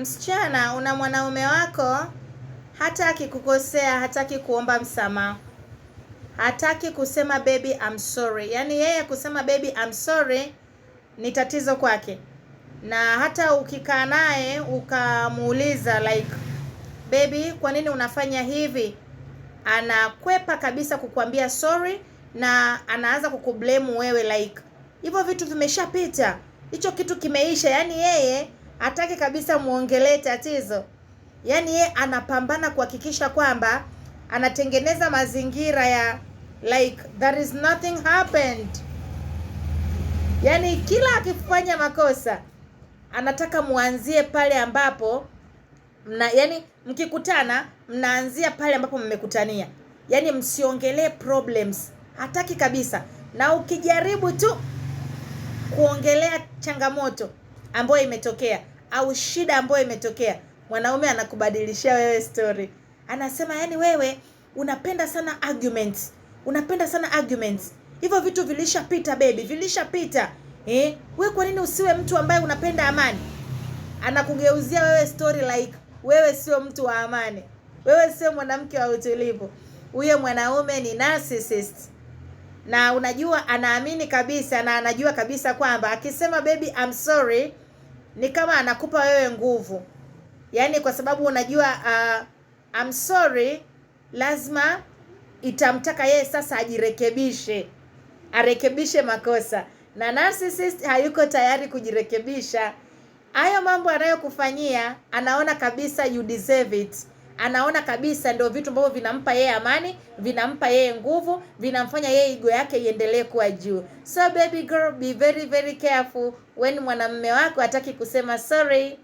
Msichana, una mwanaume wako hataki kukosea, hataki kuomba msamaha, hataki kusema baby I'm sorry. Yaani yeye kusema baby I'm sorry ni tatizo kwake, na hata ukikaa naye ukamuuliza like baby, kwa nini unafanya hivi, anakwepa kabisa kukuambia sorry, na anaanza kukublame wewe like hivyo vitu vimeshapita, hicho kitu kimeisha. Yaani yeye hataki kabisa muongelee tatizo. Yaani ye anapambana kuhakikisha kwamba anatengeneza mazingira ya like there is nothing happened. Yaani kila akifanya makosa anataka muanzie pale ambapo mna, yani mkikutana mnaanzia pale ambapo mmekutania, yaani msiongelee problems, hataki kabisa. Na ukijaribu tu kuongelea changamoto ambayo imetokea au shida ambayo imetokea, mwanaume anakubadilishia wewe story, anasema yani, wewe unapenda sana arguments, unapenda sana arguments. Hivyo vitu vilishapita baby, vilishapita eh. Wewe kwa nini usiwe mtu ambaye unapenda amani? Anakugeuzia wewe story like wewe sio mtu wa amani, wewe sio mwanamke wa utulivu. Huyo mwanaume ni narcissist na unajua anaamini kabisa na anajua kabisa kwamba akisema baby I'm sorry ni kama anakupa wewe nguvu, yaani kwa sababu unajua uh, I'm sorry lazima itamtaka yeye sasa ajirekebishe, arekebishe makosa, na narcissist hayuko tayari kujirekebisha. Hayo mambo anayokufanyia anaona kabisa you deserve it anaona kabisa ndio vitu ambavyo vinampa yeye amani, vinampa yeye nguvu, vinamfanya yeye igo yake iendelee kuwa juu. So baby girl, be very very careful when mwanamume wako hataki kusema sorry.